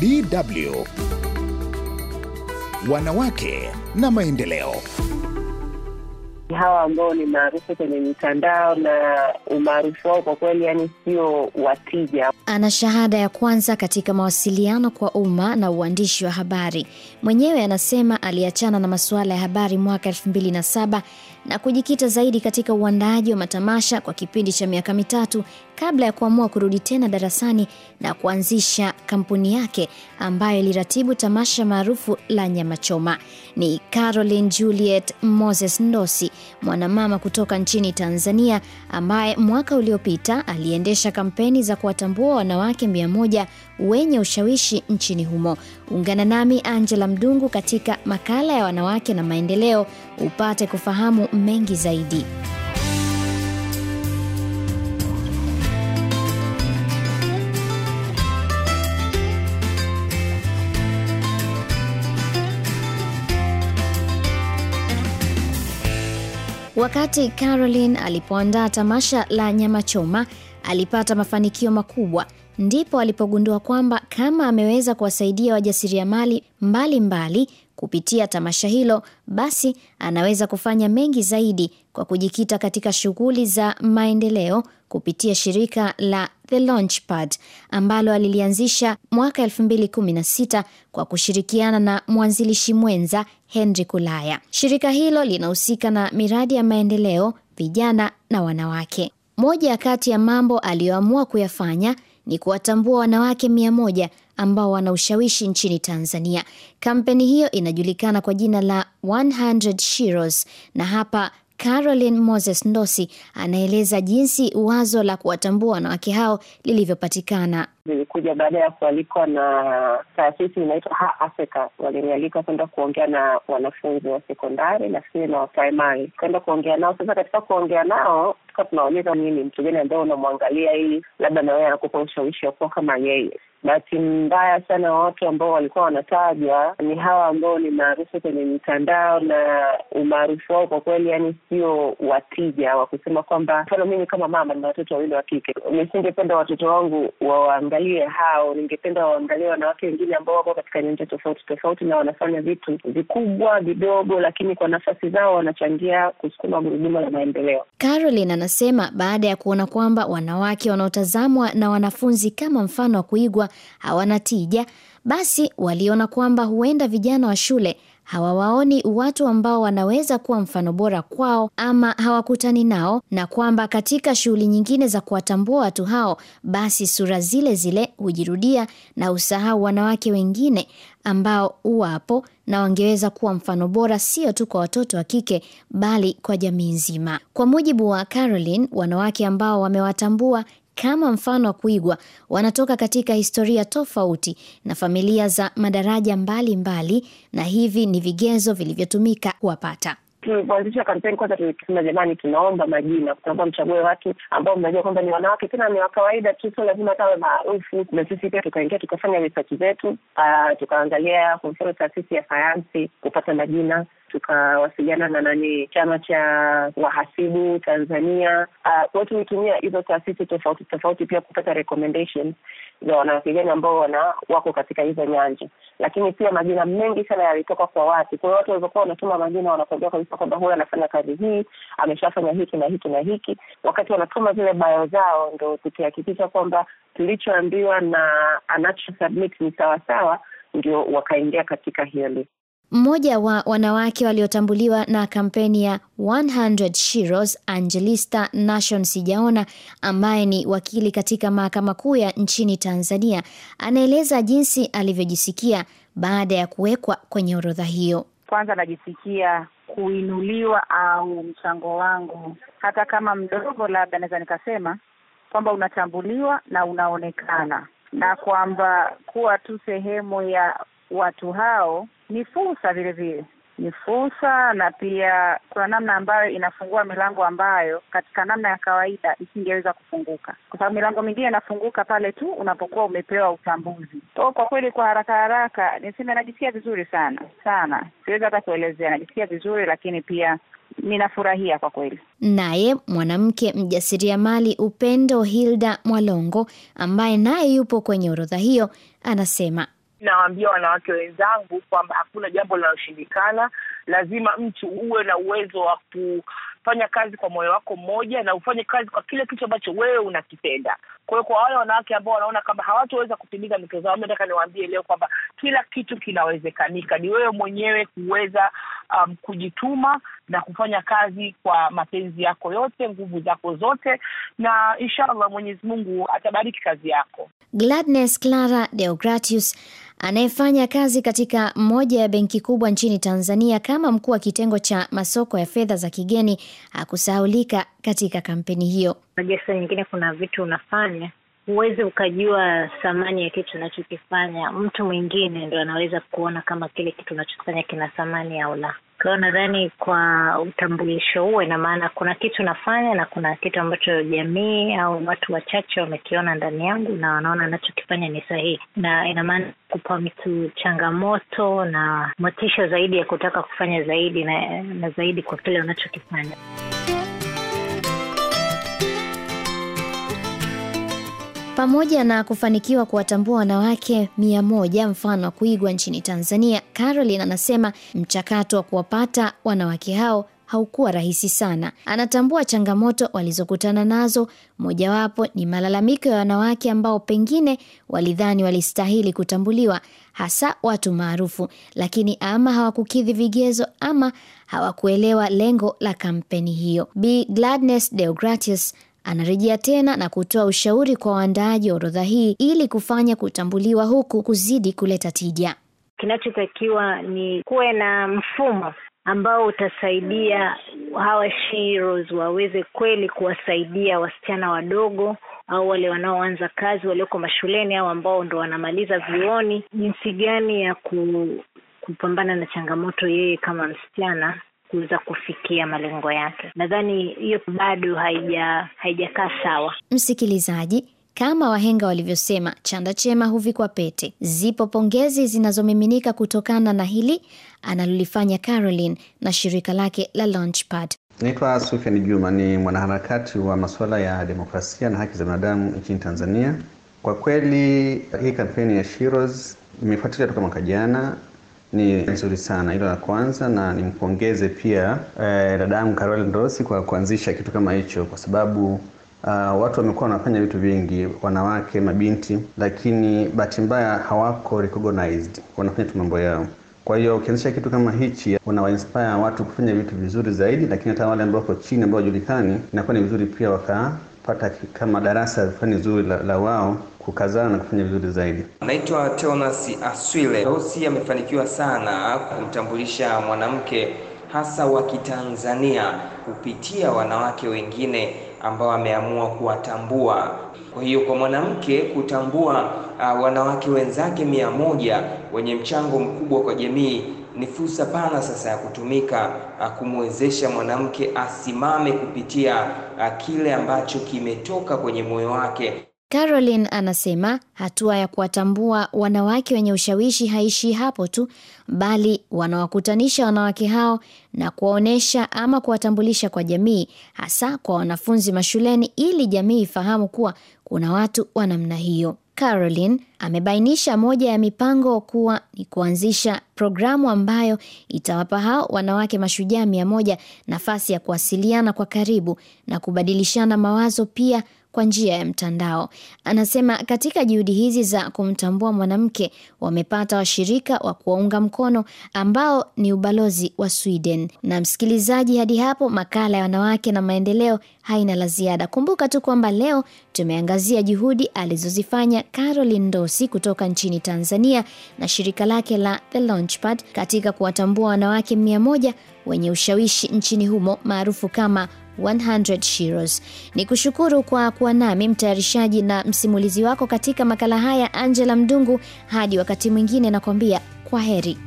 DW wanawake na maendeleo. Hawa ambao ni maarufu kwenye mitandao na umaarufu wao kwa kweli, yani sio watija. Ana shahada ya kwanza katika mawasiliano kwa umma na uandishi wa habari. Mwenyewe anasema aliachana na masuala ya habari mwaka elfu mbili na saba na kujikita zaidi katika uandaaji wa matamasha kwa kipindi cha miaka mitatu kabla ya kuamua kurudi tena darasani na kuanzisha kampuni yake ambayo iliratibu tamasha maarufu la nyamachoma. Ni Caroline Juliet Moses Ndosi, mwanamama kutoka nchini Tanzania ambaye mwaka uliopita aliendesha kampeni za kuwatambua wanawake mia moja wenye ushawishi nchini humo. Ungana nami Angela Mdungu katika makala ya wanawake na maendeleo upate kufahamu mengi zaidi. Wakati carolin alipoandaa tamasha la nyama choma, alipata mafanikio makubwa. Ndipo alipogundua kwamba kama ameweza kuwasaidia wajasiriamali mbalimbali Kupitia tamasha hilo, basi anaweza kufanya mengi zaidi kwa kujikita katika shughuli za maendeleo kupitia shirika la The Launchpad ambalo alilianzisha mwaka 2016 kwa kushirikiana na mwanzilishi mwenza Henry Kulaya. Shirika hilo linahusika na miradi ya maendeleo, vijana na wanawake. Moja kati ya mambo aliyoamua kuyafanya ni kuwatambua wanawake mia moja ambao wana ushawishi nchini Tanzania. Kampeni hiyo inajulikana kwa jina la 100 Shiros, na hapa Caroline Moses Ndosi anaeleza jinsi wazo la kuwatambua wanawake hao lilivyopatikana. Lilikuja baada ya kualikwa na taasisi inaitwa Ha Africa. Walinialika kwenda kuongea na wanafunzi wa sekondari nafikiri na wa kwenda kuongea nao. Sasa katika kuongea nao tukawa tunaonyeza nini, mtu gani ambaye unamwangalia ili labda na wewe anakupa ushawishi wa kuwa kama yeye. Bahati mbaya sana watu ambao walikuwa wanatajwa ni hawa ambao ni maarufu kwenye mitandao, na umaarufu wao kwa kweli, yani sio watija wa kusema kwamba, mfano mimi kama mama na watoto wawili wa kike, nisingependa watoto wangu wawaangalie hao. Ningependa wawaangalie wanawake wengine ambao wako katika nyanja tofauti tofauti na wanafanya vitu vikubwa vidogo, lakini kwa nafasi zao wanachangia kusukuma gurudumu la maendeleo. Caroline anasema baada ya kuona kwamba wanawake wanaotazamwa na wanafunzi kama mfano wa kuigwa hawana tija, basi waliona kwamba huenda vijana wa shule hawawaoni watu ambao wanaweza kuwa mfano bora kwao ama hawakutani nao, na kwamba katika shughuli nyingine za kuwatambua watu hao, basi sura zile zile hujirudia na usahau wanawake wengine ambao uwapo na wangeweza kuwa mfano bora sio tu kwa watoto wa kike bali kwa jamii nzima. Kwa mujibu wa Caroline, wanawake ambao wamewatambua kama mfano wa kuigwa wanatoka katika historia tofauti na familia za madaraja mbalimbali mbali, na hivi ni vigezo vilivyotumika kuwapata. Tulipoanzisha kampeni kwanza, tulisema jamani, tunaomba majina, tunaomba mchague watu ambao mnajua kwamba ni wanawake, tena ni wa kawaida tu, sio lazima tawe maarufu. Na sisi pia tukaingia tukafanya research zetu, ah, tukaangalia kwa mfano taasisi ya sayansi kupata majina tukawasiliana na nani, chama cha wahasibu Tanzania. Uh, watu huitumia hizo taasisi tofauti tofauti pia kupata recommendations za wanawapigani ambao wana wako katika hizo nyanja, lakini pia majina mengi sana yalitoka kwa watu. Kwa hiyo watu walivyokuwa wanatuma majina, wanakuambia kabisa kwamba huyu anafanya kazi hii, ameshafanya hiki na hiki na hiki. Wakati wanatuma zile bio zao, ndo tukihakikisha kwamba tulichoambiwa na anachosubmit ni sawasawa, ndio wakaingia katika hiyo list. Mmoja wa wanawake waliotambuliwa na kampeni ya 100 Shiros, Angelista Nation Sijaona, ambaye ni wakili katika mahakama kuu ya nchini Tanzania, anaeleza jinsi alivyojisikia baada ya kuwekwa kwenye orodha hiyo. Kwanza najisikia kuinuliwa au mchango wangu hata kama mdogo, labda naweza nikasema kwamba unatambuliwa na unaonekana, na kwamba kuwa tu sehemu ya watu hao ni fursa vile vile ni fursa na pia kuna namna ambayo inafungua milango ambayo katika namna ya kawaida isingeweza kufunguka, kwa sababu milango mingine inafunguka pale tu unapokuwa umepewa utambuzi. So kwa kweli, kwa haraka haraka niseme najisikia vizuri sana sana, siwezi hata kuelezea, najisikia vizuri, lakini pia ninafurahia kwa kweli. Naye mwanamke mjasiriamali Upendo Hilda Mwalongo ambaye naye yupo kwenye orodha hiyo anasema nawaambia wanawake wenzangu kwamba hakuna jambo linaloshindikana. Lazima mtu uwe na uwezo wa kufanya kazi kwa moyo wako mmoja na ufanye kazi kwa kile kitu ambacho wewe unakipenda. Kwa hiyo kwa wale wanawake ambao wanaona kwamba hawatuweza kutimiza mito zao, mi nataka niwaambie leo kwamba kila kitu kinawezekanika. Ni wewe mwenyewe kuweza um, kujituma na kufanya kazi kwa mapenzi yako yote, nguvu zako zote, na inshallah Mwenyezi Mungu atabariki kazi yako. Gladness Clara Deogratius anayefanya kazi katika moja ya benki kubwa nchini Tanzania kama mkuu wa kitengo cha masoko ya fedha za kigeni akusahulika katika kampeni hiyo. Unajua, nyingine kuna vitu unafanya huwezi ukajua thamani ya kitu unachokifanya. Mtu mwingine ndo anaweza kuona kama kile kitu unachokifanya kina thamani au la. Kwa nadhani kwa utambulisho huo, ina maana kuna kitu nafanya na kuna kitu ambacho jamii au watu wachache wamekiona ndani yangu na wanaona anachokifanya ni sahihi, na ina maana kupa mtu changamoto na motisha zaidi ya kutaka kufanya zaidi na, na zaidi kwa kile unachokifanya. Pamoja na kufanikiwa kuwatambua wanawake mia moja mfano wa kuigwa nchini Tanzania, Caroline anasema mchakato wa kuwapata wanawake hao haukuwa rahisi sana. Anatambua changamoto walizokutana nazo, mojawapo ni malalamiko ya wanawake ambao pengine walidhani walistahili kutambuliwa, hasa watu maarufu, lakini ama hawakukidhi vigezo ama hawakuelewa lengo la kampeni hiyo. Bi Gladness Deogratius Anarejea tena na kutoa ushauri kwa waandaaji wa orodha hii ili kufanya kutambuliwa huku kuzidi kuleta tija. Kinachotakiwa ni kuwe na mfumo ambao utasaidia hawa sheroes waweze kweli kuwasaidia wasichana wadogo au wale wanaoanza kazi walioko mashuleni au ambao ndo wanamaliza vioni jinsi gani ya ku, kupambana na changamoto yeye kama msichana kuweza kufikia malengo yake. Nadhani hiyo bado haija haijakaa sawa. Msikilizaji, kama wahenga walivyosema, chanda chema huvikwa pete. Zipo pongezi zinazomiminika kutokana na hili analolifanya Caroline na shirika lake la Launchpad. Naitwa Sufiani Juma, ni mwanaharakati wa masuala ya demokrasia na haki za binadamu nchini Tanzania. Kwa kweli hii kampeni ya Shiros imefuatilia toka mwaka jana ni nzuri sana, hilo la kwanza, na nimpongeze pia eh, dadamu Karol Ndosi kwa kuanzisha kitu kama hicho, kwa sababu Uh, watu wamekuwa wanafanya vitu vingi, wanawake, mabinti, lakini bahati mbaya hawako recognized, wanafanya tu mambo yao. Kwa hiyo ukianzisha kitu kama hichi, unawainspire watu kufanya vitu vizuri zaidi, lakini hata wale ambao wako chini, ambao wajulikani, inakuwa ni vizuri pia wakaa kupata kama darasa fani zuri la, la wao kukazana na kufanya vizuri zaidi. Naitwa Teonas Aswile. Rosi amefanikiwa sana kumtambulisha mwanamke hasa wa Kitanzania kupitia wanawake wengine ambao ameamua kuwatambua. Kwa hiyo kwa mwanamke kutambua uh, wanawake wenzake mia moja wenye mchango mkubwa kwa jamii ni fursa pana sasa ya kutumika uh, kumwezesha mwanamke asimame kupitia uh, kile ambacho kimetoka kwenye moyo wake. Caroline anasema hatua ya kuwatambua wanawake wenye ushawishi haishi hapo tu, bali wanawakutanisha wanawake hao na kuwaonyesha ama kuwatambulisha kwa jamii, hasa kwa wanafunzi mashuleni, ili jamii ifahamu kuwa kuna watu wa namna hiyo. Caroline amebainisha moja ya mipango kuwa ni kuanzisha programu ambayo itawapa hao wanawake mashujaa mia moja nafasi ya kuwasiliana kwa karibu na kubadilishana mawazo pia kwa njia ya mtandao. Anasema katika juhudi hizi za kumtambua mwanamke wamepata washirika wa kuwaunga mkono ambao ni ubalozi wa Sweden. Na msikilizaji, hadi hapo makala ya wanawake na maendeleo haina la ziada. Kumbuka tu kwamba leo tumeangazia juhudi alizozifanya Caroline Ndosi kutoka nchini Tanzania na shirika lake la The Launchpad katika kuwatambua wanawake mia moja wenye ushawishi nchini humo maarufu kama 100 Shiros. Ni kushukuru kwa kuwa nami mtayarishaji na msimulizi wako katika makala haya Angela Mdungu. Hadi wakati mwingine, nakwambia kwa heri.